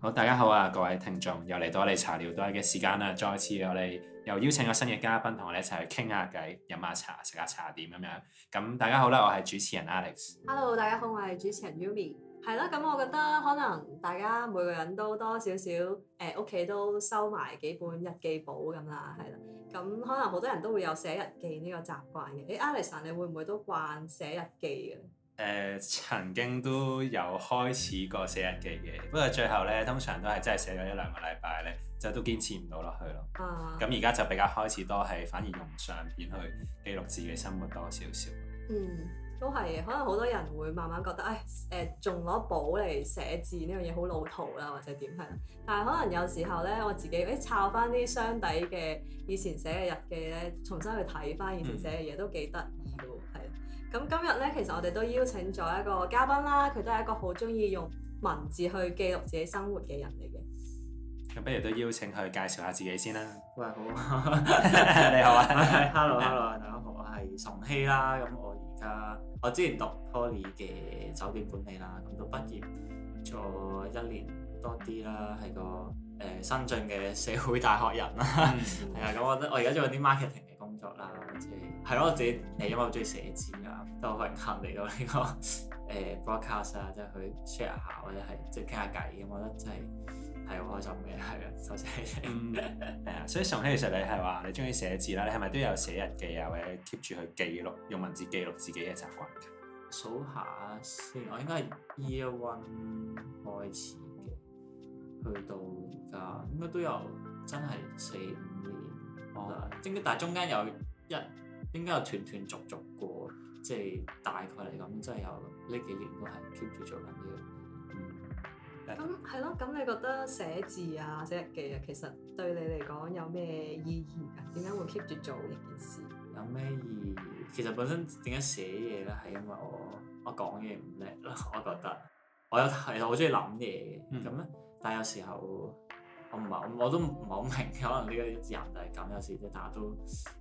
好，大家好啊！各位聽眾，又嚟到我哋茶聊度日嘅時間啦！再次我哋又邀請個新嘅嘉賓，同我哋一齊去傾下偈、飲下茶、食下茶點咁樣。咁大家好啦、啊，我係主持人 Alex。Hello，大家好，我係主持人 Yumi。係啦，咁我覺得可能大家每個人都多少少誒屋企都收埋幾本日記簿咁啦，係啦。咁可能好多人都會有寫日記呢個習慣嘅。誒、欸、Alex，你會唔會都慣寫日記嘅？誒曾經都有開始過寫日記嘅，不過最後咧，通常都係真係寫咗一兩個禮拜咧，就都堅持唔到落去咯。啊！咁而家就比較開始多係，反而用相片去記錄自己生活多少少。嗯，都係可能好多人會慢慢覺得，誒誒，仲攞簿嚟寫字呢樣嘢好老土啦，或者點係啦。但係可能有時候咧，我自己誒抄翻啲箱底嘅以前寫嘅日記咧，重新去睇翻以前寫嘅嘢，嗯、都幾得意嘅喎，係。咁今日呢，其實我哋都邀請咗一個嘉賓啦，佢都係一個好中意用文字去記錄自己生活嘅人嚟嘅。咁不如都邀請佢介紹下自己先啦。喂，好， 你好啊，Hello，Hello，大家好，我係崇熙啦。咁我而家我之前讀 Poly 嘅酒店管理啦，咁都畢業咗一年多啲啦，係個誒新進嘅社會大學人啦。係啊、mm. 嗯，咁我得我而家做緊啲 marketing。作啦，即係係咯，我自己誒，因為我好中意寫字啊，都好開心嚟到呢、這個誒 broadcast 啊，即、呃、係、就是、去 share 下或者係即係傾下偈咁，我覺得真係係好開心嘅，係啊，首聲收聲。係啊，所以崇希其實你係話你中意寫字啦，你係咪都有寫日記啊，或者 keep 住去記錄用文字記錄自己嘅習慣？數下先，我應該係 year one 開始嘅，去到而家應該都有真係四。哦、但係中間有一應該有斷斷續續過，即係大概嚟講，即係有呢幾年都係 keep 住做緊嘢。個。咁係咯，咁那的你覺得寫字啊、寫日記啊，啊，其實對你嚟講有咩意義啊？點解會 keep 住做一件事？有咩意義？其實本身點解寫嘢咧，係因為我我講嘢唔叻啦，我覺得我有其實我中意諗嘢嘅，咁、嗯、但係有時候。我唔係，我都唔係好明，可能呢個人就係咁有時大家都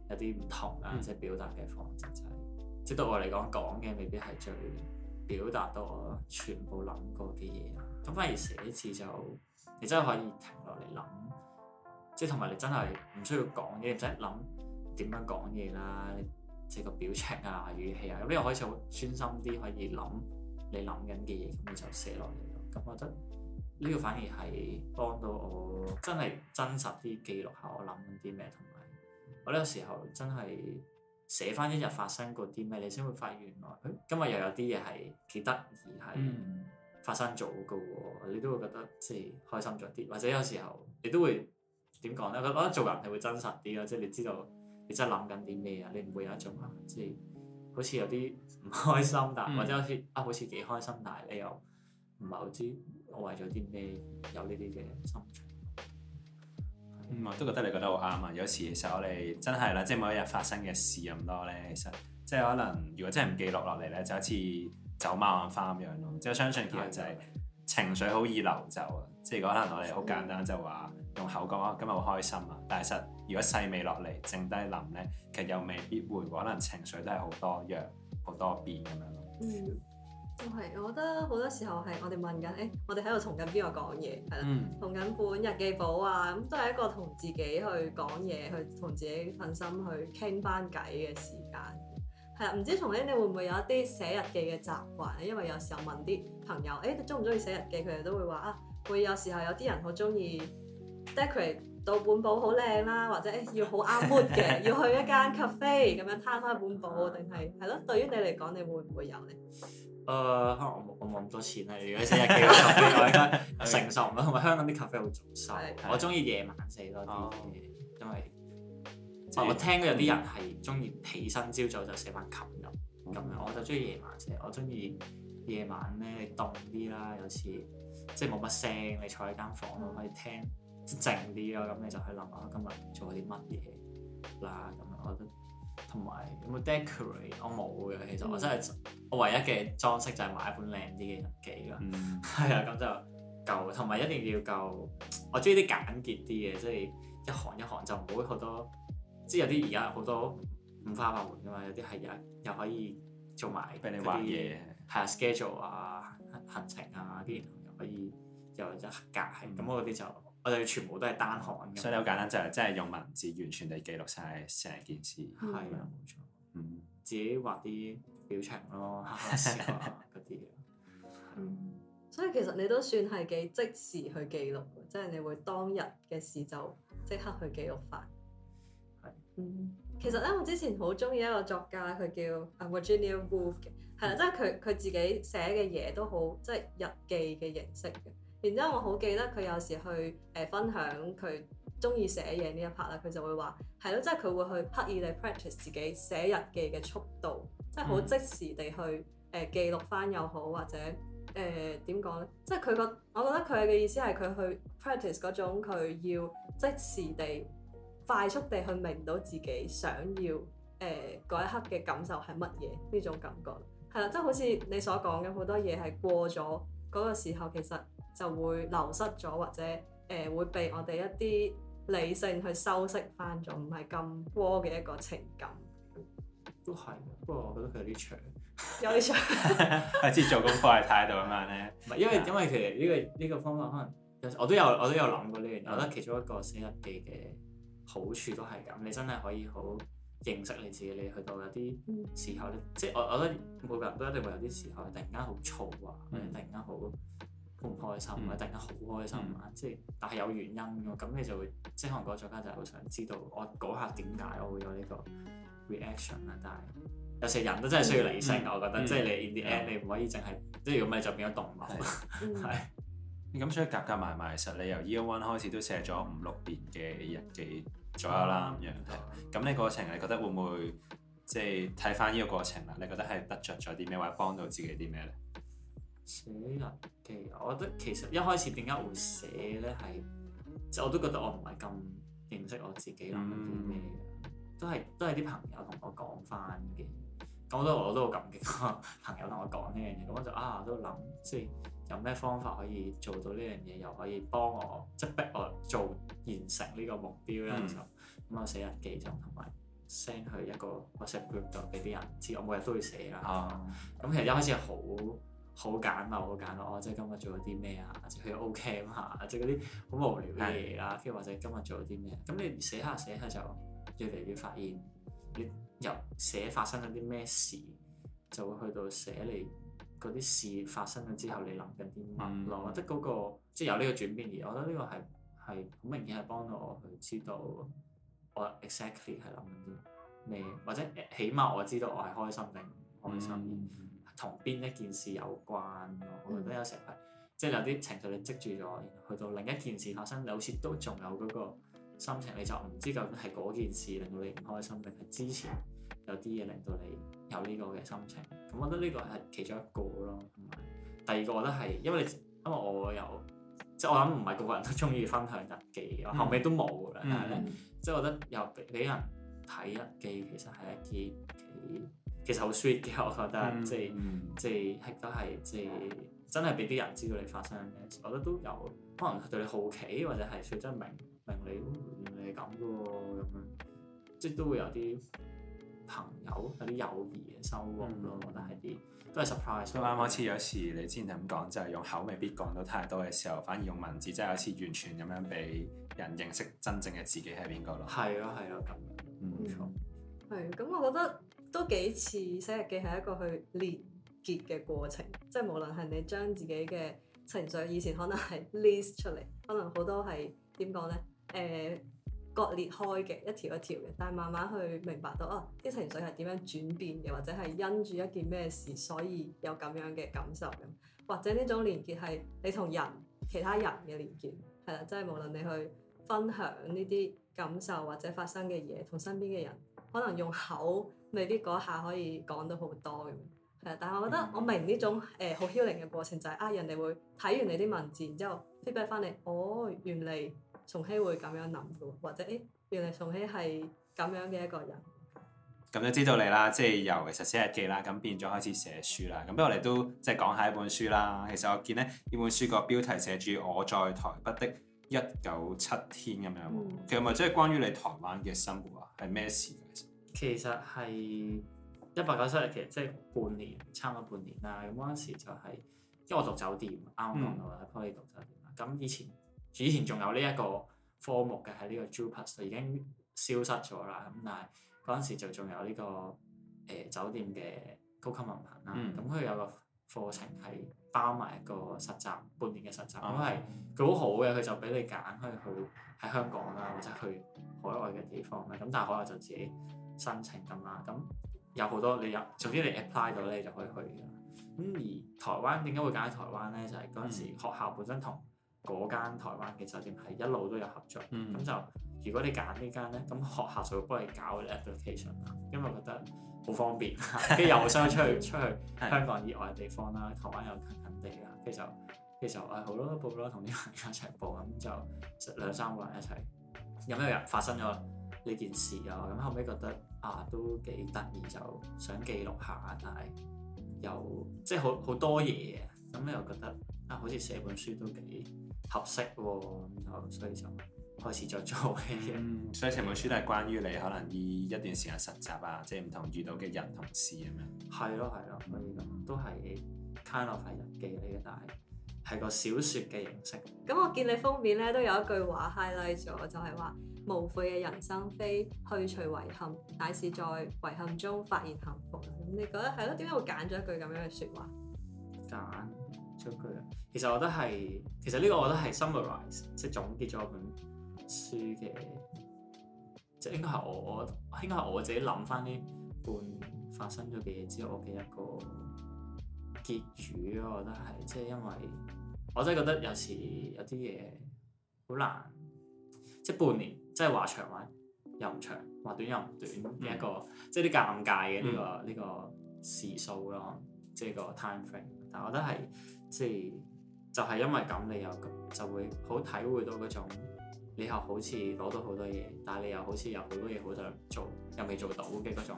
有啲唔同啊，嗯、即係表達嘅方式就係、是，即係對我嚟講講嘅未必係最表達到我全部諗過嘅嘢，咁反而寫字就你真係可以停落嚟諗，即係同埋你真係唔需要講嘢，唔使諗點樣講嘢啦，即係個表情啊、語氣啊，咁你又可以好似好專心啲，可以諗你諗緊嘅嘢，咁你就寫落嚟，咁我覺得。呢個反而係幫到我，真係真實啲記錄下我諗緊啲咩，同埋我呢個時候真係寫翻一日發生過啲咩，你先會發現原來、哎、今日又有啲嘢係幾得意，係發生咗嘅喎，嗯、你都會覺得即係開心咗啲，或者有時候你都會點講咧？我覺得做人係會真實啲咯，即係你知道你真係諗緊啲咩啊，你唔會有一種啊，即係好似有啲唔開心，但、嗯、或者好似啊好似幾開心，但係你又唔係好知。我為咗啲咩有呢啲嘅心情？我都覺得你覺得好啱啊！有時其實我哋真係啦，即係每一日發生嘅事咁多咧，其實即係可能如果真係唔記錄落嚟咧，就好似走馬看花咁樣咯。即係我相信其實就係情緒好易流走啊！即係可能我哋好簡單就話用口講話今日好開心啊，但係實如果細味落嚟，剩低諗咧，其實又未必會。可能情緒都係好多樣好多變咁樣咯。嗯就我覺得好多時候係我哋問緊，誒、欸，我哋喺度同緊邊個講嘢，係啦，同緊、嗯、本日記簿啊，咁、嗯、都係一個同自己去講嘢，去同自己份心去傾翻偈嘅時間，係啊，唔知從來，你會唔會有一啲寫日記嘅習慣？因為有時候問啲朋友，誒、欸，中唔中意寫日記，佢哋都會話啊，會有時候有啲人好中意 decorate 到本簿好靚啦，或者誒要好啱 fit 嘅， 要去一間 cafe 咁樣攤開本簿，定係係咯？對於你嚟講，你會唔會有呢？誒，uh, 可能我冇我冇咁多錢咧，如果寫日記咖啡應該承受唔到，同埋 對 香港啲咖啡好早收，我中意夜晚寫多啲嘅，哦、因為、就是哦、我聽到有啲人係中意起身朝早就寫筆琴咁，咁、嗯、樣我就中意夜晚寫，我中意夜晚咧你凍啲啦，有時即係冇乜聲，你坐喺間房度可以聽靜啲咯，咁你就去諗下今日做啲乜嘢啦，咁我覺得。同埋 decorate，我冇嘅，其實我真係、嗯、我唯一嘅裝飾就係買一本靚啲嘅日記啦，係、嗯、 啊，咁就夠，同埋一定要夠。我中意啲簡潔啲嘅，即係一行一行就唔好好多，即係有啲而家好多五花八門噶嘛，有啲係又又可以做埋畀你玩啲、啊，係啊 schedule 啊行程啊，啲又可以又一格係。咁我嗰啲就。我哋全部都係單行咁，所以好簡單就係，即係用文字完全地記錄晒成件事。係啊、嗯，冇錯。嗯，自己畫啲表情咯，嗰啲嘢。 嗯，所以其實你都算係幾即時去記錄即係、就是、你會當日嘅事就即刻去記錄法係？的嗯，其實咧，我之前好中意一個作家，佢叫 Virginia Woolf 嘅，係啦、嗯，即係佢佢自己寫嘅嘢都好，即、就、係、是、日記嘅形式嘅。然之後，我好記得佢有時去誒、呃、分享佢中意寫嘢呢一 part 啦。佢就會話係咯，即係佢會去刻意地 practice 自己寫日記嘅速度，即係好即時地去誒、呃、記錄翻又好，或者誒點講呢？即係佢個，我覺得佢嘅意思係佢去 practice 嗰種佢要即時地快速地去明到自己想要誒嗰、呃、一刻嘅感受係乜嘢。呢種感覺係啦，即係好似你所講嘅好多嘢係過咗嗰、那個時候，其實。就會流失咗，或者誒、呃、會被我哋一啲理性去修飾翻咗，唔係咁 wo 嘅一個情感。都係、哦，不過、哦、我覺得佢有啲長， 有啲長搶。係似 做功課嘅態度咁樣咧。唔係，因為在因為其實呢、呢個呢、呢個方法可能有我都有我都有諗過呢樣。我、嗯、覺得其中一個寫日記嘅好處都係咁，你真係可以好認識你自己。你去到有啲時候咧，嗯、即係我我覺得每個人都一定會有啲時候突然間好躁啊，嗯、突然間好。好唔開心啊！突然間好開心啊！即係，但係有原因嘅，咁你就會即係韓國作家就係好想知道，我講下點解我會有呢個 reaction 啦。但係有時人都真係需要理性，我覺得，即係你啲 in the end 你唔可以淨係，即係如果唔係就變咗動物。係，咁所以夾夾埋埋，其實你由 Year One 開始都寫咗五六年嘅日記左右啦咁樣。咁你過程，你覺得會唔會即係睇返呢個過程啦？你覺得係得着咗啲咩，或者幫到自己啲咩咧？寫日記，我覺得其實一開始點解會寫咧，係即我都覺得我唔係咁認識我自己諗緊啲咩，都係都係啲朋友同我講翻嘅，咁我都我都好感激個 朋友同我講呢樣嘢，咁我就啊我都諗，即有咩方法可以做到呢樣嘢，又可以幫我即逼我做完成呢個目標咧？嗯、就咁、嗯、我寫日記就同埋 send 去一個 WhatsApp group 度俾啲人知，我每日都會寫啦，咁、嗯嗯、其實一開始好。好簡陋，好簡陋。哦，即係今日做咗啲咩啊？即佢 OK 咁即係嗰啲好無聊嘅嘢啦。跟住或者今日做咗啲咩？咁你寫下寫下就越嚟越發現，你由寫發生咗啲咩事，就會去到寫你嗰啲事發生咗之後，你諗緊啲乜咯？即係嗰個即係有呢個轉變而。而我覺得呢個係係好明顯係幫到我，去知道我 exactly 係諗緊啲咩，或者起碼我知道我係開心定開心。嗯嗯同邊一件事有關咯？Mm hmm. 我覺得有時候即係、就是、有啲情緒你積住咗，去到另一件事發生，你好似都仲有嗰個心情，你就唔知究竟係嗰件事令到你唔開心，定係之前有啲嘢令到你有呢個嘅心情。咁我覺得呢個係其中一個咯。同埋第二個我覺得係因為你因為我有即係、就是、我諗唔係個個人都中意分享日記，mm hmm. 我後尾都冇啦。Mm hmm. 但係咧，即、就、係、是、我覺得又俾人睇日記其實係一啲其實好 sweet 嘅，我覺得，嗯、即係即係係都係即係真係俾啲人知道你發生緊咩事，我覺得都有，可能對你好奇，或者係想真明明你你咁嘅喎，咁樣、嗯、即係都會有啲朋友有啲友誼嘅收穫咯，嗯、我覺得係啲都係 surprise、嗯。咁啱開始有時你之前咁講，就係、是、用口未必講到太多嘅時候，反而用文字真係好似完全咁樣俾人認識真正嘅自己係邊個咯。係咯係咯，咁冇、啊嗯、冇錯。係咁，我覺得。都幾似寫日記，係一個去連結嘅過程，即係無論係你將自己嘅情緒以前可能係 list 出嚟，可能好多係點講呢？誒、呃，割裂開嘅一條一條嘅，但係慢慢去明白到哦，啲情緒係點樣轉變嘅，或者係因住一件咩事所以有咁樣嘅感受咁，或者呢種連結係你同人其他人嘅連結，係啦，即係無論你去分享呢啲感受或者發生嘅嘢，同身邊嘅人可能用口。未必嗰下可以講到好多咁，係啊！但係我覺得我明呢種誒好轟動嘅過程就係、是、啊，人哋會睇完你啲文字，然之後 feedback 翻你，哦，原嚟崇熙會咁樣諗嘅，或者誒，原嚟崇熙係咁樣嘅一個人。咁就、嗯嗯、知道你啦，即、就、係、是、由其實寫日記啦，咁變咗開始寫書啦。咁不如我哋都即係講下一本書啦。其實我見咧呢本書個標題寫住《我在台北的一九七天》咁樣，嗯、其實咪即係關於你台灣嘅生活啊？係咩事？其實係一百九七日，其實即係半年，差唔多半年啦。咁嗰陣時就係、是，因為我讀酒店，啱啱講到啦，喺 Poly、嗯、讀酒店。咁以前，以前仲有呢一個科目嘅喺呢個 JUPAS，已經消失咗啦。咁但係嗰陣時就仲有呢、這個誒、呃、酒店嘅高級文憑啦。咁佢、嗯、有個課程係包埋一個實習，半年嘅實習。咁係佢好好嘅，佢、嗯、就俾你揀，可以去喺香港啦，或者去海外嘅地方啦。咁但係海外就自己申請咁啦，咁有好多你入，總之你 apply 到咧，你就可以去嘅。咁而台灣點解會揀喺台灣咧？就係嗰陣時學校本身同嗰間台灣嘅酒店係一路都有合作，咁、嗯、就如果你揀呢間咧，咁學校就會幫你搞你 application 啦，因為覺得好方便，跟住 又想出去出去香港以外嘅地方啦， 台灣又近近地啦，跟住就跟住就誒好多都報咯，同啲朋友一齊報，咁就兩三個人一齊，咁人發生咗呢件事啊，咁後尾覺得。啊，都幾得意，就想記錄下，但係又即係好好多嘢，咁你又覺得、啊、好似寫本書都幾合適喎，咁就所以就開始再做嘅嘢、嗯。所以成本書都係關於你可能呢一段時間實習啊，嗯、即係唔同遇到嘅人同事咁樣。係咯係咯，所以都係 kind of 係日記嚟嘅，但係係個小説嘅形式。咁我見你封面咧都有一句話 highlight 咗，就係話。無悔嘅人生非去除遺憾，乃是在遺憾中發現幸福。咁你覺得係咯？點解會揀咗一句咁樣嘅說話？揀咗句啊，其實我覺得係，其實呢個我覺得係 summarize，即係總結咗本書嘅，即係應該係我，應該係我自己諗翻呢半年發生咗嘅嘢之後嘅一個結局咯。我覺得係，即係因為，我真係覺得有時有啲嘢好難，即係半年。即係話長玩又唔長，話短又唔短嘅、嗯、一個，即係啲尷尬嘅呢、呢個呢、嗯、個時數咯，即係個 time frame。但係我覺得係即係就係、是、因為咁，你又就會好體會到嗰種你，到你又好似攞到好多嘢，但係你又好似有好多嘢好想做又未做到嘅嗰種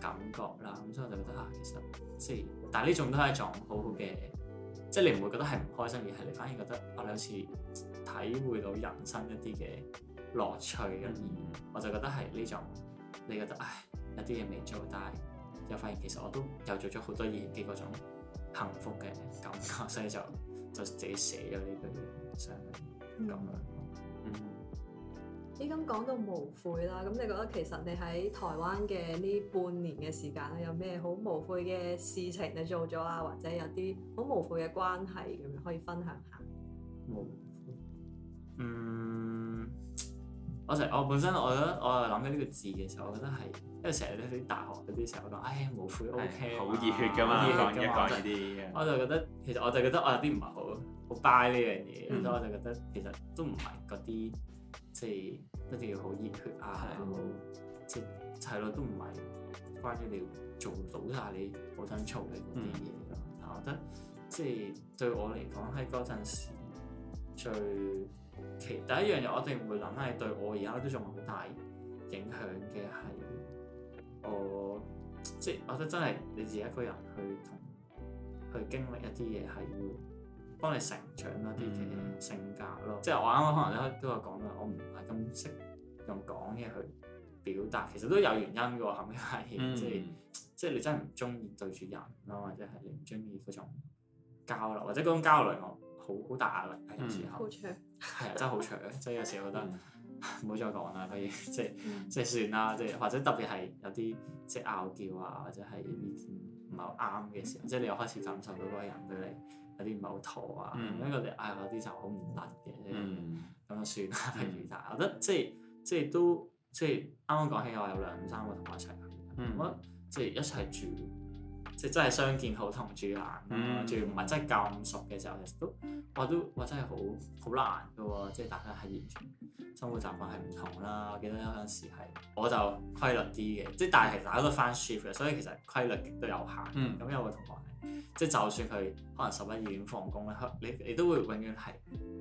感覺啦。咁所以我就覺得啊，其實即係但係呢種都係一種好好嘅，即、就、係、是、你唔會覺得係唔開心嘅，係你反而覺得啊，你好似體會到人生一啲嘅。樂趣咁樣，而我就覺得係呢種，你覺得唉，有啲嘢未做，但係又發現其實我都有做咗好多嘢嘅嗰種幸福嘅感覺，所以就就自己寫咗呢句嘢，想咁樣。嗯，你咁講到無悔啦，咁你覺得其實你喺台灣嘅呢半年嘅時間咧，有咩好無悔嘅事情你做咗啊，或者有啲好無悔嘅關係咁樣可以分享下？無悔，嗯。我成我本身我覺得我係諗緊呢個字嘅時候，我覺得係，因為成日咧啲大學嗰啲成日都講，唉無悔 OK，好熱血㗎嘛，一講呢啲，我就覺得其實我就覺得我有啲唔係好好 buy 呢樣嘢，所以我就覺得其實都唔係嗰啲即係一定要好熱血啊，係好、嗯、即係咯，都唔係關於你做到你晒你好想做嘅嗰啲嘢咯。但係我覺得即係對我嚟講，喺嗰陣時最。其第一樣嘢，我一定會諗係對我而家都仲係好大影響嘅係，我即係我覺得真係你自己一個人去同去經歷一啲嘢，係會幫你成長一啲嘅性格咯。嗯、即係我啱啱可能都有講啦，我唔係咁識用講嘢去表達，其實都有原因嘅喎，係咪先？即係即係你真係唔中意對住人啊，或者係你唔中意嗰種交流，或者嗰種交流我。好大壓力，有時候，係啊，真係好長，即係有時我覺得唔好再講啦，不如即係即係算啦，即係或者特別係有啲即係拗撬啊，或者係呢啲唔係好啱嘅時候，即係你又開始感受到嗰個人對你有啲唔係好妥啊，咁樣我哋唉嗰啲就好唔得嘅，咁就算啦，不如但係我覺得即係即係都即係啱啱講起，我有兩三個同學一齊咁即係一齊住。即係真係相見好同住難啦，仲要唔係真係咁熟嘅時候，其實都我都我真係好好難嘅喎、哦，即係大家係完全生活習慣係唔同啦。我記得有陣時係我就規律啲嘅，即係但係其實大家都翻 shift 嘅，所以其實規律都有限。咁、嗯、有個同學即係就算佢可能十一二點放工咧，你你都會永遠係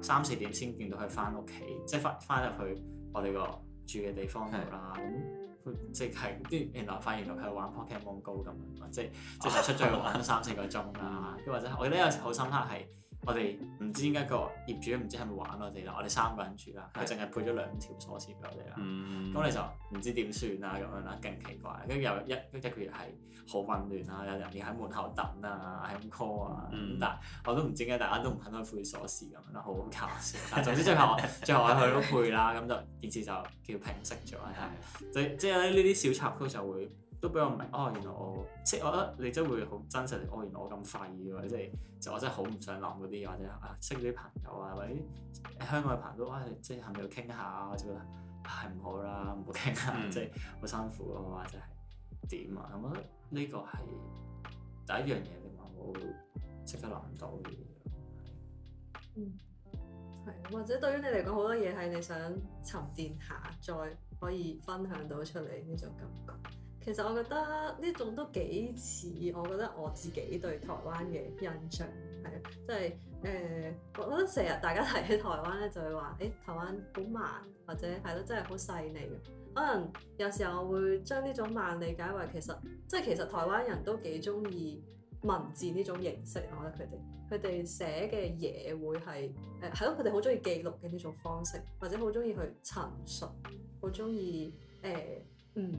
三四點先見到佢翻屋企，即係翻翻入去我哋個住嘅地方度啦。是嗯即係跟住原來發現原來佢玩 Pokemon Go 咁啊！即係即係出咗去玩三四個鐘啦嚇，跟 或者我覺得有好深刻係。我哋唔知點解個業主唔知係咪玩我哋啦？我哋三個人住啦，佢淨係配咗兩條鎖匙俾我哋啦。咁、嗯、你就唔知點算啊咁樣啦，勁奇怪。跟住又一一,一個月係好混亂啦，有人要喺門口等啊，喺咁 call 啊。嗯、但係我都唔知點解大家都唔肯去配鎖匙咁，就好搞笑。但係總之最後 最後去咗配啦，咁就件事就叫平息咗。係即係呢啲小插曲就會。都比較唔明，哦，原來我識，即我覺得你真會好真實。哦，原來我咁廢嘅，即係，就我真係好唔想諗嗰啲，或者啊，識啲朋友啊，或者香港嘅朋友都，哇，即係係咪要傾下啊？我就覺得係唔好啦，唔好傾下，即係好辛苦啊。或者係點啊？咁、哎、我覺得、嗯、呢覺得個係第一樣嘢，你話我識得諗到嘅嘢。嗯，係，或者對於你嚟講，好多嘢係你想沉澱下，再可以分享到出嚟呢種感覺。其實我覺得呢種都幾似我覺得我自己對台灣嘅印象，係即係誒，我覺得成日大家提起台灣咧，就會話誒、欸、台灣好慢，或者係咯，真係好細膩嘅。可能有時候我會將呢種慢理解為其實即係、就是、其實台灣人都幾中意文字呢種形式，我覺得佢哋佢哋寫嘅嘢會係誒係咯，佢哋好中意記錄嘅呢種方式，或者好中意去陳述，好中意誒。呃唔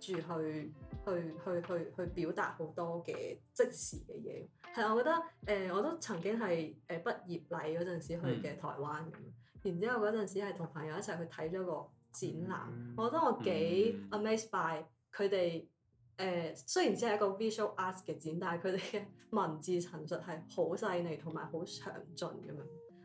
急住去去去去去表達好多嘅即時嘅嘢，係啊，我覺得誒、呃、我都曾經係誒畢業禮嗰陣時去嘅台灣，咁、嗯、然之後嗰陣時係同朋友一齊去睇咗個展覽，嗯、我覺得我幾 amazed by 佢哋，誒雖然只係一個 visual art 嘅展，但係佢哋嘅文字陳述係好細膩同埋好詳盡，咁樣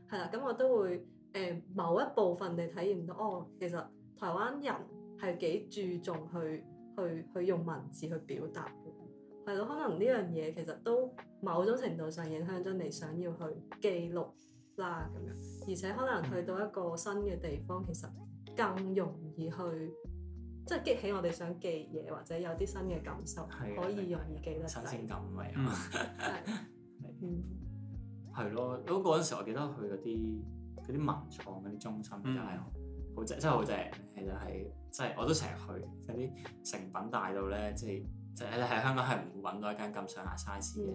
係啦，咁我都會誒、呃、某一部分地體驗到哦，其實台灣人。係幾注重去去去用文字去表達嘅，係咯。可能呢樣嘢其實都某種程度上影響咗你想要去記錄啦咁樣，而且可能去到一個新嘅地方，嗯、其實更容易去即係激起我哋想記嘢，或者有啲新嘅感受，嗯、可以容易記得起。新鮮感咪啊！係， 嗯，如果嗰個時我記得去嗰啲嗰啲文創嗰啲中心就係。嗯嗯好正，真係好正，其實係，真係我都成日去嗰啲、就係、誠品大到咧，即係即係你喺香港係唔會揾到一間咁上下 size 嘅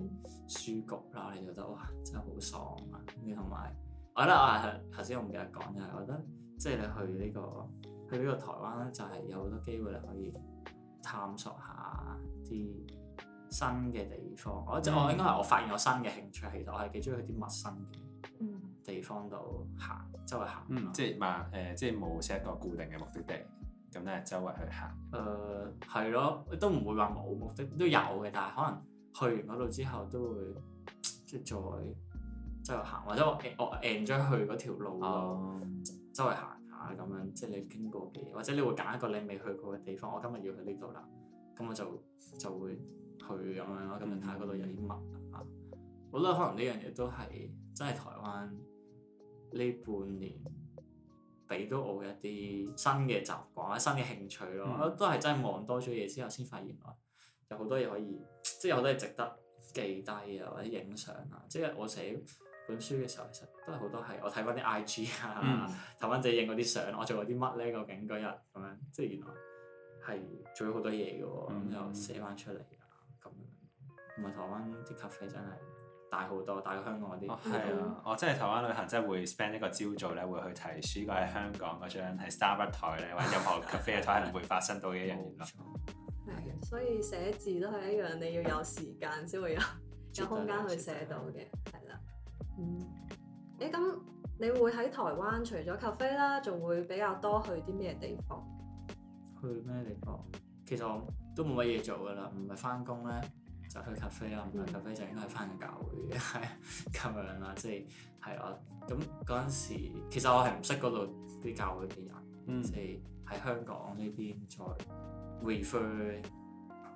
書局啦，你覺得哇，真係好爽啊！你同埋，我覺得、啊啊、我係頭先我唔記得講就係，我覺得即係、就係、你去呢、呢個去呢個台灣咧，就係有好多機會你可以探索一下啲新嘅地方。嗯、我就我應該係我發現我新嘅興趣，其實我係幾中意去啲陌生嘅。地方度行，周圍行、啊嗯。即係嘛誒，即係冇 set 一個固定嘅目的地，咁咧周圍去行。誒係咯，都唔會話冇目的，都有嘅。但係可能去完嗰度之後，都會即係再周圍行，或者我我 end 咗去嗰條路，哦、周圍行下咁樣，即係你經過嘅，或者你會揀一個你未去過嘅地方。我今日要去呢度啦，咁我就就會去咁樣咯。咁就睇下嗰度有啲乜啊。我覺得可能呢樣嘢都係真係台灣。呢半年俾到我一啲新嘅習慣啊，新嘅興趣咯，嗯、都係真係望多咗嘢之後先發現，原來有好多嘢可以，即係有好多嘢值得記低啊，或者影相啊。即係我寫本書嘅時候，其實都係好多係我睇翻啲 IG、嗯、啊，睇翻自己影嗰啲相，我做咗啲乜呢？究竟嗰日咁樣，即係原來係做咗好多嘢嘅，咁又寫翻出嚟啊，咁同埋台灣啲咖啡真係～大好多，大過香港嗰啲。哦，係啊，我真係台灣旅行真係會 spend 一個朝早咧，會去睇書。如果喺香港嗰張係 Starbucks 枱呢，或者任何 cafe 枱係唔會發生到嘅一樣嘢咯。係，所以寫字都係一樣，你要有時間先會有有空間去寫到嘅，係啦。嗯，誒咁，你會喺台灣除咗咖啡啦，仲會比較多去啲咩地方？去咩地方？其實我都冇乜嘢做噶啦，唔係翻工咧。就去咖啡啦，唔去咖啡就應該係翻緊教會嘅，係 咁樣啦，即係係啊。咁嗰陣時，其實我係唔識嗰度啲教會嘅人，即係喺香港呢邊再 refer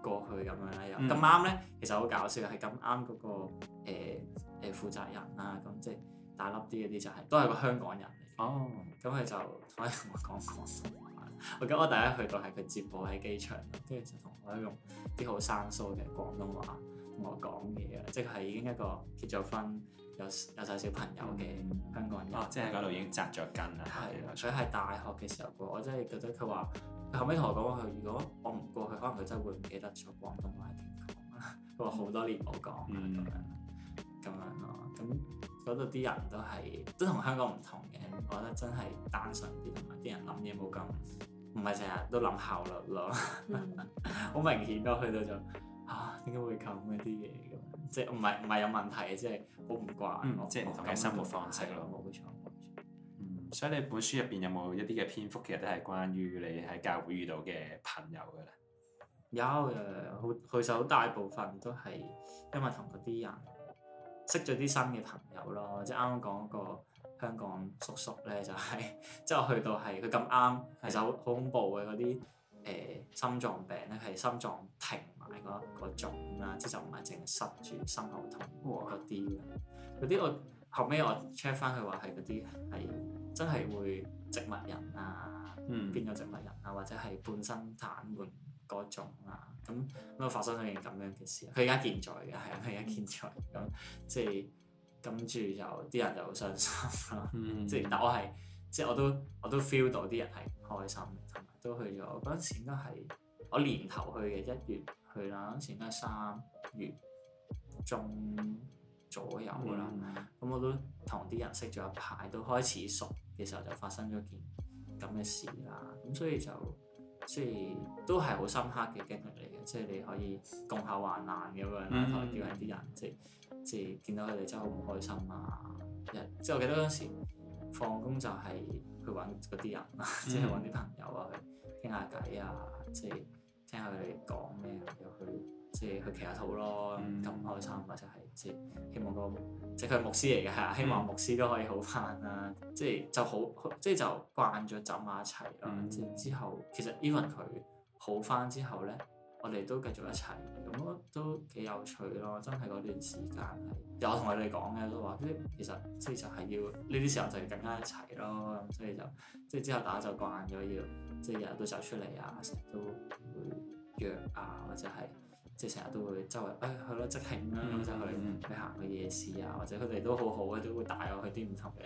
過去咁樣咧，又咁啱咧，其實好搞笑，係咁啱嗰個誒誒、欸欸、負責人啦，咁即係大粒啲嗰啲就係都係個香港人嚟。哦，咁佢就可以同我講講。我記得我第一去到係佢接我喺機場，跟住就同我用啲好生疏嘅廣東話同我講嘢，即係已經一個結咗婚、有有曬小朋友嘅香港人。嗯、哦，即係嗰度已經扎咗根啦。係啊的。所以係大學嘅時候過，我真係覺得佢話，後尾同我講話，佢如果我唔過去，可能佢真係會唔記得咗廣東話點講。佢話好多年冇講啦，咁樣，咁樣咯。咁嗰度啲人都係都同香港唔同嘅，我覺得真係單純啲，同埋啲人諗嘢冇咁。唔係成日都諗效率咯，好 明顯咯，去到就，啊點解會咁嗰啲嘢咁，即係唔係唔係有問題，即係好唔慣，嗯、我即係唔同嘅生活方式咯。冇錯、嗯，所以你本書入邊有冇一啲嘅篇幅，其實都係關於你喺教會遇到嘅朋友嘅咧？有嘅。好，其實大部分都係因為同嗰啲人識咗啲新嘅朋友咯，即係啱啱講嗰個香港叔叔咧就係之後去到係佢咁啱，係就好恐怖嘅嗰啲誒心臟病咧係心臟停埋嗰種啦，即就唔係淨係塞住心口痛嗰啲，嗰啲哇我後尾我 check 翻佢話係嗰啲係真係會植物人啊，嗯、變咗植物人啊，或者係半身癱瘓嗰種啊，咁都發生咗件咁樣嘅事。佢而家健在嘅係啊，佢而家健在咁即係。跟住就啲人就好傷心啦，嗯，即係但我係，即係我都我都 feel 到啲人係開心，同埋都去咗。我嗰陣時應該係我年頭去嘅一月去啦，陣時應該三月中左右啦。咁、嗯、我都同啲人識咗一排，都開始熟嘅時候就發生咗件咁嘅事啦。咁所以就～即係都係好深刻嘅經歷嚟嘅，即係你可以共下患難咁樣啦，同人叫人啲人，即係即係見到佢哋真係好唔開心啊！即係我記得嗰陣時放工就係去揾嗰啲人啊，mm hmm. 聊聊啊，即係揾啲朋友啊，去傾下偈啊，即係聽下佢哋講咩，又去。即係佢祈下禱咯，咁、嗯、開心或者係即係希望個即係佢牧師嚟嘅，係、嗯、希望牧師都可以好返啦、啊。即、就、係、是、就好，即係就，是、就慣咗走埋一齊啦。即係、嗯、之後其實 even 佢好返之後咧，我哋都繼續一齊，咁都幾有趣咯。真係嗰段時間係有同佢哋講嘅都話，即係其實即係就係要呢啲時候就要更加一齊咯。咁所以就即係、就是、之後打就慣咗要即係日日都走出嚟啊，成日都會約啊，或者係。即係成日都會周圍，誒去咯，即興啦、啊，咁就去去行個夜市啊，或者佢哋都好好嘅，都會帶我去啲唔同嘅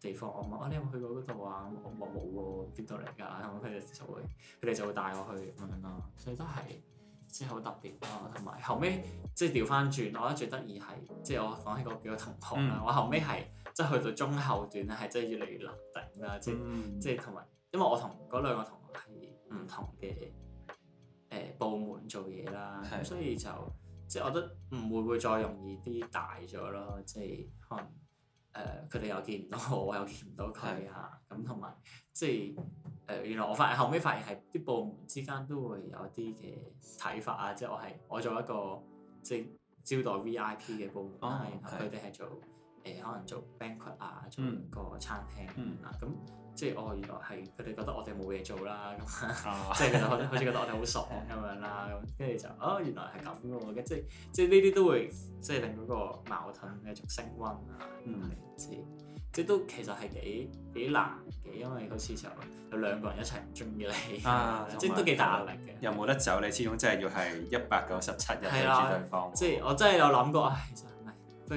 地方。我問啊，你有冇去過嗰度啊？我我冇喎，邊度嚟㗎？咁佢哋就會佢哋就會帶我去咁樣咯。嗯、所以都係即係好特別啦、啊。同埋後尾，即係調翻轉，我覺得最得意係即係我講起嗰幾個同學啦。嗯、我後尾係即係去到中後段咧，係真係越嚟越難頂啦。即係即係同埋，嗯嗯、因為我同嗰兩個同學係唔同嘅。所以就即係我覺得唔會會再容易啲大咗咯，即係可能誒佢哋又見唔到我，我又見唔到佢啊。咁同埋即係誒、呃、原來我發現後尾發現係啲部門之間都會有啲嘅睇法啊。即係我係我做一個即係招待 V I P 嘅部門，啦、oh, okay.，然後佢哋係做誒可能做 banquet 啊，做個餐廳啊咁。嗯嗯即係哦，原來係佢哋覺得我哋冇嘢做啦，咁即係其實好似覺得我哋好傻咁樣啦，咁跟住就哦原來係咁嘅喎，即係即係呢啲都會即係令到個矛盾繼續升溫啊，唔知、嗯、即，即都其實係幾幾難嘅，因為好似就有兩個人一齊唔中意你，啊、即係都幾大壓力嘅。又冇、啊、得走？你始終真係要係一百九十七日對住對方。即係我真係有諗過啊。嗯嗯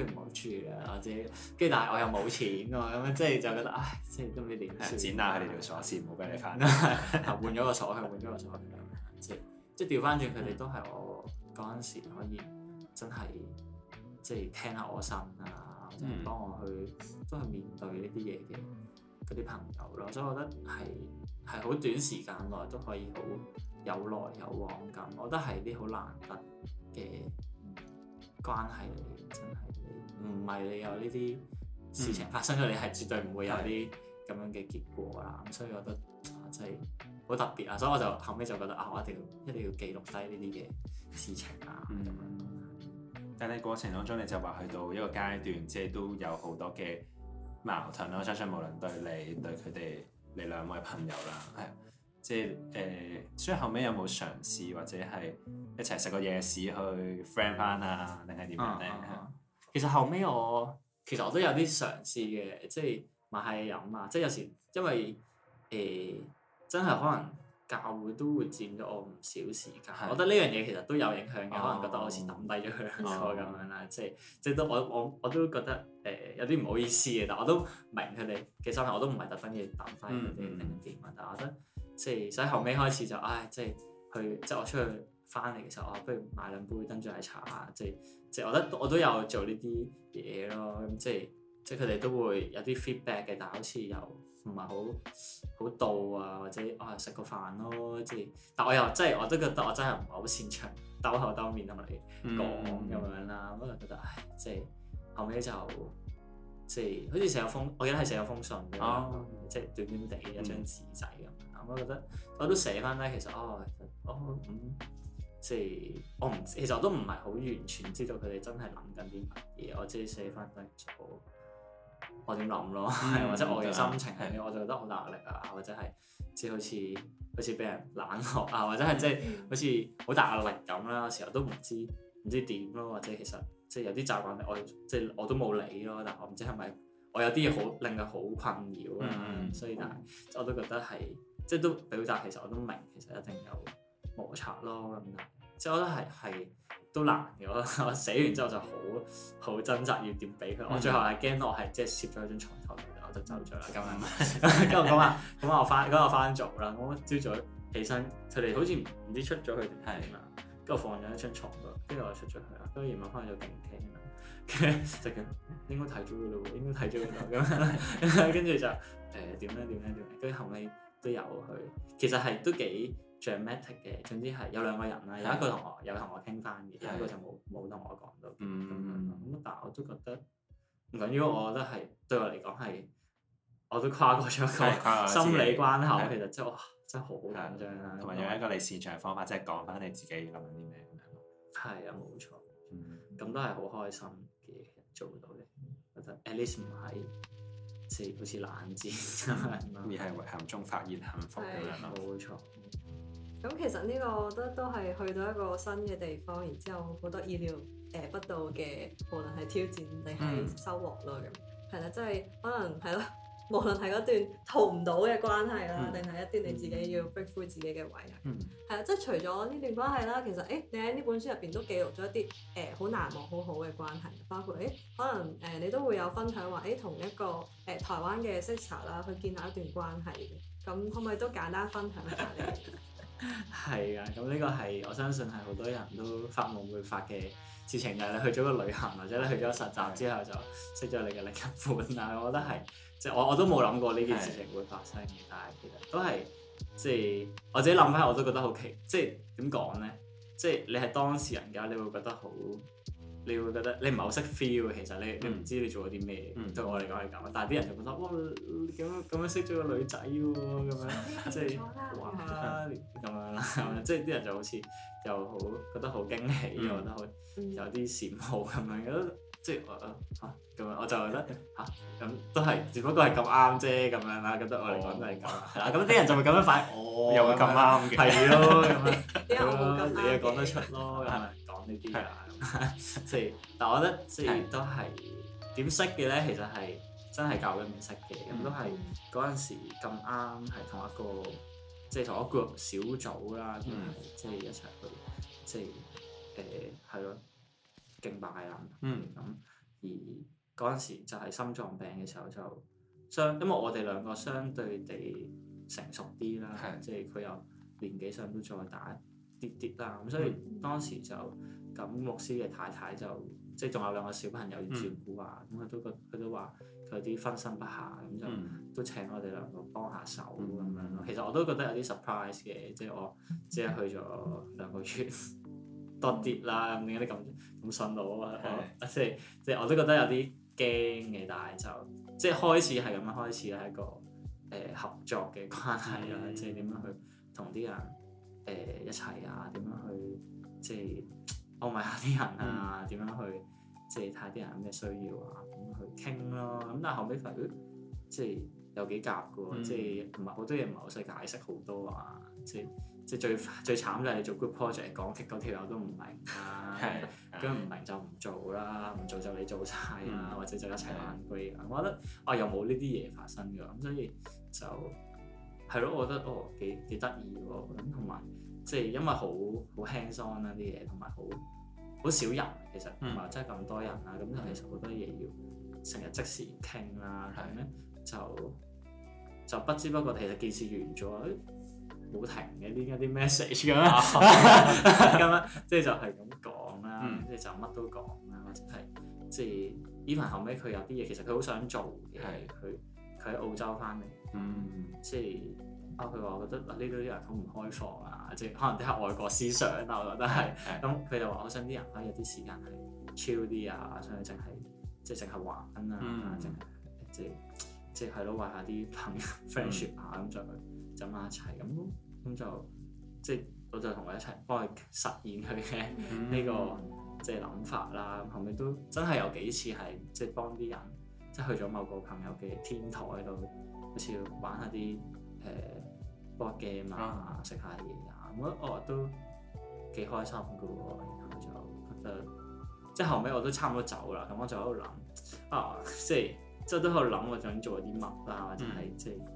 都唔好住啊！或者，跟住但係我又冇錢喎，咁樣即係就覺得，唉，即係都唔知點算。剪下佢哋條鎖匙，唔好俾 你翻。 換咗個鎖係換咗個鎖咁樣，即係即係調翻轉佢哋都係我嗰陣時可以真係即係聽下我心啊，即係幫我去都係面對呢啲嘢嘅嗰啲朋友咯。 所以我覺得係係好短時間內都可以好有來有往咁，我覺得係啲好難得嘅。關係嚟嘅，真係唔係你有呢啲事情發生咗，嗯、你係絕對唔會有啲咁樣嘅結果啦。咁的所以我覺得真係好特別啊，所以我就後尾就覺得啊，我一定要一定要記錄低呢啲嘅事情啊咁、嗯、樣。但係你過程當中，你就話去到一個階段，即係都有好多嘅矛盾啦。相信無論對你對佢哋，你兩位朋友啦，係。即係誒、呃，所以後尾有冇嘗試或者係一齊食個夜市去 friend 翻啊，定係點樣咧、嗯嗯嗯？其實後尾我其實我都有啲嘗試嘅，即係買下嘢飲啊。即係有時因為誒、呃，真係可能教會都會佔咗我唔少時間。的我覺得呢樣嘢其實都有影響嘅，哦、可能覺得我好似抌低咗佢兩個咁樣啦。即係即係都我我我都覺得誒、呃、有啲唔好意思嘅，但我都明佢哋嘅心態，我都唔係特登要抌低佢哋定係點，嗯、但係我覺得。即係所以後尾開始就唉，即係去即係我出去翻嚟嘅時候，我不如買兩杯珍珠奶茶啊！即係即係我覺得我都有做呢啲嘢咯，咁即係即係佢哋都會有啲 feedback 嘅，但係好似又唔係好好到啊，或者啊食個飯咯，即係但我又即係我都覺得我真係唔係好擅長兜口兜面咁嚟講咁樣啦，咁、嗯、就覺得唉，即係後尾就即係好似寫咗封，我記得係寫咗封信嘅，即係、啊、短短地一張紙仔咁、嗯。我覺得我都寫翻咧，其實哦，哦，嗯，即係我唔，其實我都唔係好完全知道佢哋真係諗緊啲乜嘢。我即係寫翻咧就我點諗咯，嗯、 或者我嘅心情係咩？嗯、我就覺得好大壓力啊，或者係即係好似好似俾人冷落啊，或者係即係好似好大壓力咁、啊、啦。時候都唔知唔知點咯，或者其實即係有啲習慣，我即係我都冇理咯。但係我唔知係咪我有啲嘢好、嗯、令佢好困擾啊，嗯、所以但係我都覺得係。即係都表達，其實我都明，其實一定有摩擦咯咁啊！即係我覺得係係都難嘅。我寫完之後就好好掙扎要點俾佢，我最後係驚我係即係攝咗喺張床頭度，我就走咗啦咁樣。咁咁啊咁我翻咁我翻做啦。咁我朝早起身，佢哋好似唔知出咗去定點啦，跟住放咗一張床度，跟住我出咗去啦。跟住問翻佢做點聽，跟住就應該睇咗嘅咯，應該睇咗嘅咯咁樣。跟住就誒點樣點樣點樣，跟住後尾。都有去，其實係都幾 dramatic 嘅。總之係有兩個人啦，呀有一個同學有同我傾翻嘅，呀有一個就冇冇同我講到。嗯，咁但係我都覺得唔緊要，我覺得係對我嚟講係我都跨過咗一個心理關口。對其實、即係、哇真真好緊張啦。同埋用一個你擅長嘅方法，即係對講翻你自己諗緊啲咩咁咯。係啊，冇錯。咁、嗯、都係好開心嘅做到嘅。其、嗯、覺得 at least 唔係。似好似冷戰咁啊，而 係遺憾中發現幸福咁樣冇是 錯，咁其實呢個我覺得都係去到一個新嘅地方，然之後好多意料誒不到嘅，無論係挑戰定係收穫咯。咁係啦，即係、就是、可能係咯。無論係嗰段逃唔到嘅關係啦，定係、嗯、一啲你自己要逼乎自己嘅懷疑，係啊、嗯，即係除咗呢段關係啦，其實誒、欸，你喺呢本書入邊都記錄咗一啲誒好難忘好好嘅關係，包括誒、欸、可能誒、呃、你都會有分享話誒同一個誒、呃、台灣嘅 Sister 啦，去建立一段關係咁，可唔可以都簡單分享下你？係啊， 咁呢個係我相信係好多人都發夢會發嘅事情，就係你去咗個旅行或者你去咗實習之後就識咗你嘅另一半。但我覺得係。即係我我都冇諗過呢件事情會發生嘅，的但係其實都係即係我自己諗翻，我都覺得好奇，即係點講咧？即係你係當事人嘅你會覺得好，你會覺得你唔係好識 feel，其實你你唔知你做咗啲咩。嗯、對我嚟講係咁，但係啲人就覺得、嗯、哇咁樣咁樣識咗個女仔喎、啊，咁樣 即係哇咁 樣，即係啲人就好似又好覺得好驚喜，嗯、又覺得好有啲羨慕咁樣，覺得。即係我嚇咁樣，我就覺得嚇咁、啊、都係，只不過係咁啱啫咁樣啦。咁對我嚟講都係咁。係啦，咁啲人就會咁樣反，哦又會咁啱嘅。係咯，咁 樣咯，有有 你又講得出咯？係咪 講呢啲啊？即係、 嗯，嗯、但係我覺得即係都係點識嘅咧？其實係真係教會入面識嘅，咁、嗯嗯、都係嗰陣時咁啱係同一個，即、就、係、是、同一個小組啦，同埋即係一齊去，即係誒係咯。就是呃就是嗯敬拜啦，嗯，咁而嗰陣時就係心臟病嘅時候就相，因為我哋兩個相對地成熟啲啦，係，即係佢又年紀上都再大啲啲啦，咁、嗯、所以當時就咁牧師嘅太太就即係仲有兩個小朋友要照顧啊，咁佢、嗯、都佢都話佢有啲分身不下，咁就都請我哋兩個幫下手咁樣咯。其實我都覺得有啲 surprise 嘅，即係我只係去咗兩個月。多啲啦，咁點解你咁咁順路啊？即係即係我都覺得有啲驚嘅，但係就即係、就是、開始係咁樣開始一個誒、呃、合作嘅關係啦，的即係點樣去同啲人誒、呃、一齊啊？點樣去即係安慰下啲人啊？點、嗯、樣去即係睇下啲人有咩需要啊？咁去傾咯。咁但係後尾發現即係有幾夾嘅喎，嗯、即係唔係好多嘢唔係好使解釋好多啊，即係。即係最最慘咧，你做 group project 講極條友都唔明啦，咁唔明就唔做啦，唔做就你做晒，啊，或者就一齊玩。我覺得啊，又冇呢啲嘢發生㗎，咁所以就係咯，我覺得哦幾幾得意喎，咁同埋即係因為好好輕鬆啦啲嘢，同埋好好少人其實唔係真係咁多人啦，咁就其實好多嘢要成日即時傾啦，咁咧就就不知不覺其實件事完咗。冇停嘅啲一啲 message 咁啊， 咁、就、啊、是就是就是，即係就係咁講啦，即係就乜都講啦，或者係即係 even 後尾，佢有啲嘢，其實佢好想做嘅係佢佢喺澳洲翻嚟，嗯， 即係啊佢話我覺得呢度啲人好唔開放啊，即係可能啲外國思想啊，我覺得係，咁佢就話我想啲人可以有啲時間去 chill 啲啊，所以淨係即係淨係玩啊，淨 即係、就是就是、即係係咯，話下啲朋友 friendship 下咁再就埋一齊咁，咁就即係、就是、我就同佢一齊幫佢實現佢嘅呢個即係諗法啦。後尾都真係有幾次係即係幫啲人，即、就、係、是、去咗某個朋友嘅天台度，好似玩下啲誒 board game 啊，食下嘢啊。咁、mm hmm. 我都幾開心嘅喎。然後就誒，即、就、係、是、後尾我都差唔多走啦。咁我就喺度諗啊，即係即係都喺度諗我想做啲乜啦，或者係即係。Mm hmm. 就是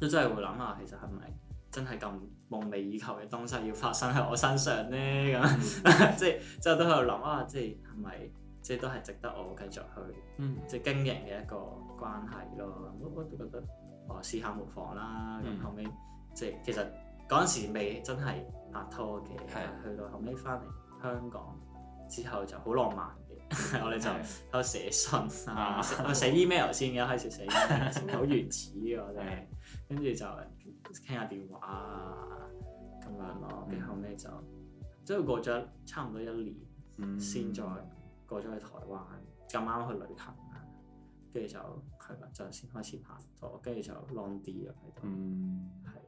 都真係會諗下，其實係咪真係咁夢寐以求嘅東西要發生喺我身上咧？咁即係即係都喺度諗啊！即係係咪即係都係值得我繼續去即係經營嘅一個關係咯？我都覺得啊，試下無妨啦。咁後尾，即係、嗯、其實嗰陣時未真係拍拖嘅，去對到後尾翻嚟香港之後就好浪漫嘅。對 我哋就喺度寫信對啊，寫 email 先嘅，開始寫，好原始嘅我哋們。跟住就傾下電話啊，咁樣咯。跟、嗯、後屘就即係過咗差唔多一年，先再過咗去台灣咁啱、嗯、去旅行啊。跟住就係啦，就先開始拍拖，跟住就 long 啲啊喺度。嗯，係啦。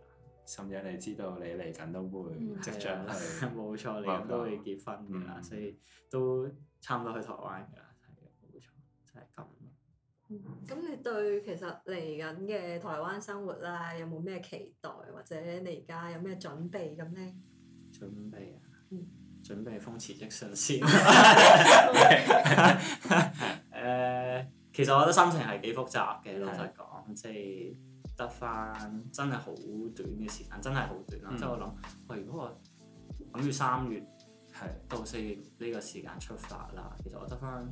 甚至你知道你嚟緊都會即將去、嗯，冇啦 錯嚟緊都會結婚㗎，嗯、所以都差唔多去台灣㗎，係冇錯，係、就、咁、是。咁、嗯、你對其實嚟緊嘅台灣生活啦，有冇咩期待或者你而家有咩準備咁咧？準備啊！嗯、準備封辭職信先。誒，其實我覺得心情係幾複雜嘅，的老實講，即係得翻真係好短嘅時間，真係好短啦。即係、嗯、我諗，喂，如果我諗住三月係到四月呢個時間出發啦，的其實我得翻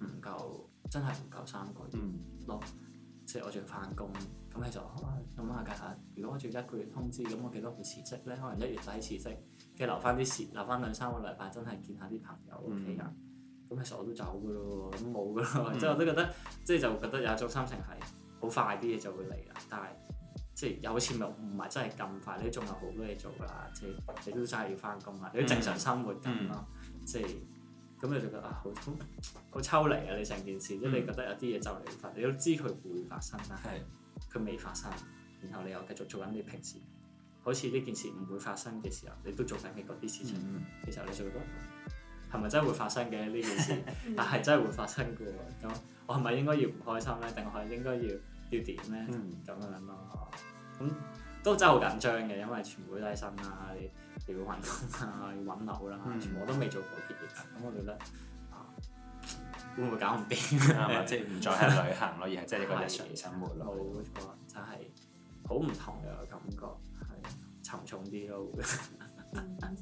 唔夠，真係唔夠三個月咯，即係、嗯、我仲要翻工，咁其實我諗下計下，如果我仲一個月通知，咁我幾多會辭職咧？可能一月底辭職，即係留翻啲時，留翻兩三個禮拜，真係見下啲朋友屋企人。咁其實我都走㗎喇，咁冇㗎喇，即係、嗯、我都覺得，即係就是、覺得有一種心情係好快啲嘢就會嚟啦。但係即係有時咪唔係真係咁快，你仲有好多嘢做㗎啦，即、就、係、是、你都真係要翻工啊，嗯、你都正常生活緊咯，即係、嗯。嗯嗯嗯就是咁你就覺得啊，好好好抽離啊，你成件事，即係、嗯、你覺得有啲嘢就嚟發你都知佢會發生啦，佢未的發生，然後你又繼續做緊你平時，好似呢件事唔會發生嘅時候，你都做緊你嗰啲事情其、嗯、時你就覺得係咪真係會發生嘅呢件事？ 但係真係會發生嘅喎，咁我係咪應該要唔開心咧？定係應該要要點咧？咁、嗯、樣咯、啊，咁都真係好緊張嘅，因為全背低身啦啲。你要運動啦，要揾樓啦，嗯、全部都未做過嘅嘢，咁我哋呢會唔會搞唔掂？係即係唔再係旅行咯，而係即係一個日常嘅生活咯。冇錯，真係好唔同嘅感覺，係沉重啲咯。係、嗯，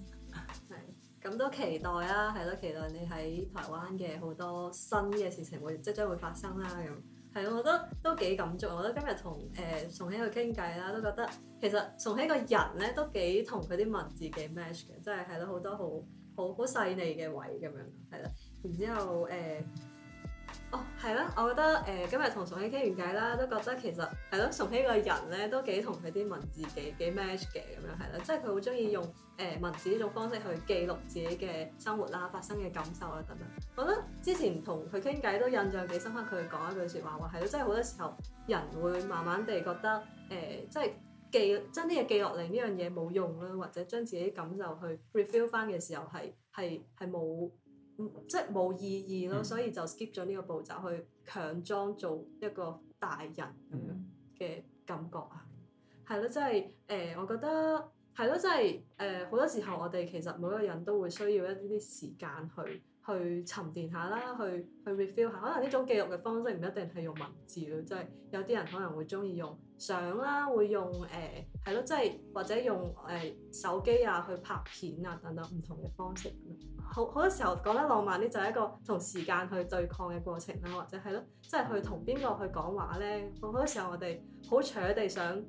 咁都期待啦，係咯，期待你喺台灣嘅好多新嘅事情會即將會發生啦，咁。係咯，我覺得都幾感觸。我覺得今日同誒崇希去傾偈啦，都覺得其實崇希個人咧都幾同佢啲文字幾 match 嘅，即係係咯，好多好好好細膩嘅位咁樣，係啦，然之後誒。呃哦，係啦，我覺得誒、呃、今日同崇希傾完偈啦，都覺得其實係咯，崇希個人咧都幾同佢啲文字幾幾 match 嘅咁樣係啦，即係佢好中意用誒、呃、文字呢種方式去記錄自己嘅生活啦、啊、發生嘅感受啦等等。我覺得之前同佢傾偈都印象幾深刻，佢講一句説話，話係咯，即係好多時候人會慢慢地覺得誒，即、呃、係記真啲嘢記落嚟呢樣嘢冇用啦，或者將自己感受去 reveal 翻嘅時候係係係冇。即係冇意義咯，所以就 skip 咗呢個步驟，去強裝做一個大人嘅感覺啊。係咯、mm，即係誒，我覺得係咯，即係誒，好多時候我哋其實每個人都會需要一啲啲時間去去沉澱下啦，去去 review 下。可能呢種記錄嘅方式唔一定係用文字咯，即係有啲人可能會中意用相啦，會用誒係咯，即係或者用誒、呃、手機啊去拍片啊等等唔同嘅方式。好好多時候講得浪漫呢，就係一個同時間去對抗嘅過程啦，或者係咯，即係去同邊個去講話呢。好多時候我哋好強地想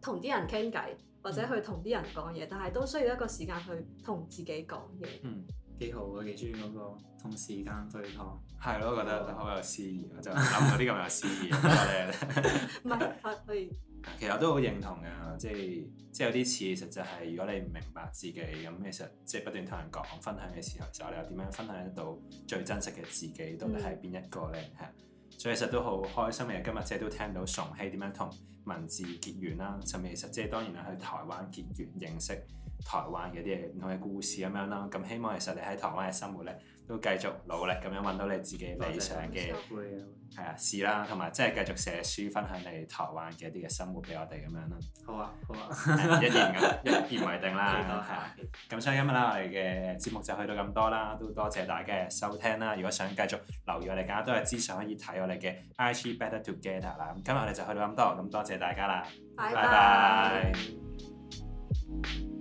同啲人傾偈，或者去同啲人講嘢，但係都需要一個時間去同自己講嘢。嗯幾好啊！幾中意嗰個同時間對抗，係咯，我覺得好有詩意， 我就諗到啲咁有詩意嘅嘢咧。唔係，可以。其實我都好認同嘅，即係即係有啲似，其實就係如果你唔明白自己咁，其實即係不斷同人講分享嘅時候，就你又點樣分享得到最真實嘅自己？到底係邊一個咧？係、嗯、所以其實都好開心嘅。今日即係都聽到崇希點樣同文字結緣啦，甚至其實即係當然啦，喺台灣結緣認識。台灣嘅啲唔同嘅故事咁樣啦，咁希望其實你喺台灣嘅生活咧，都繼續努力咁樣揾到你自己理想嘅，係啊過，事啦，同埋即係繼續寫書分享你台灣嘅一啲嘅生活俾我哋咁樣啦。好啊，好啊，一言咁一言為定啦，係。咁所以今日啦，我哋嘅節目就去到咁多啦，都多謝大家嘅收聽啦。如果想繼續留意我哋，更加多嘅資訊可以睇我哋嘅 IG Better Together 啦。咁今日我哋就去到咁多，咁多謝大家啦，拜拜 bye。Bye bye